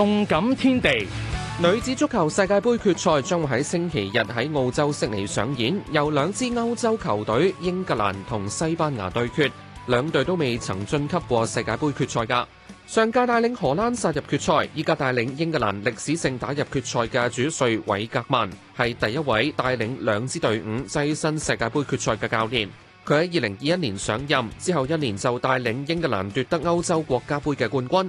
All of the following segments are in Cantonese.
動感天地，女子足球世界盃決賽將會喺星期日喺澳洲悉尼上演，由兩支歐洲球隊英格蘭同西班牙對決。兩隊都未曾晉級過世界盃決賽噶。上屆帶領荷蘭殺入決賽，依家帶領英格蘭歷史性打入決賽嘅主帥韋格曼係第一位帶領兩支隊伍躋身世界盃決賽嘅教練。佢喺二零二一年上任之後，一年就帶領英格蘭奪得歐洲國家盃嘅冠軍。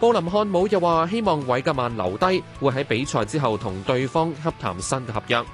布林漢姆又話：希望韋格曼留低，會喺比賽之後同對方洽談新嘅合約。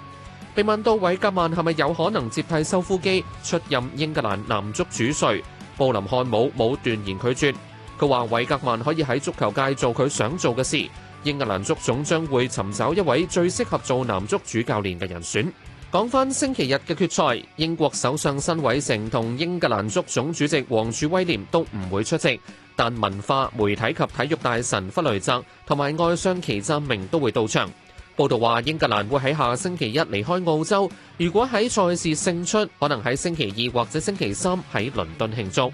被問到韋格曼係咪有可能接替修夫基出任英格蘭男足主帥，布林漢姆冇斷言拒絕。佢話：韋格曼可以喺足球界做佢想做嘅事。英格蘭足總將會尋找一位最適合做男足主教練嘅人選。講返星期日嘅決賽，英國首相辛偉誠同英格蘭足總主席王儲威廉都唔會出席。但文化、媒體及體育大臣弗雷澤同埋外相祁湛明都會到場。報導話，英格蘭會喺下星期一離開澳洲，如果喺賽事勝出，可能喺星期二或者星期三喺倫敦慶祝。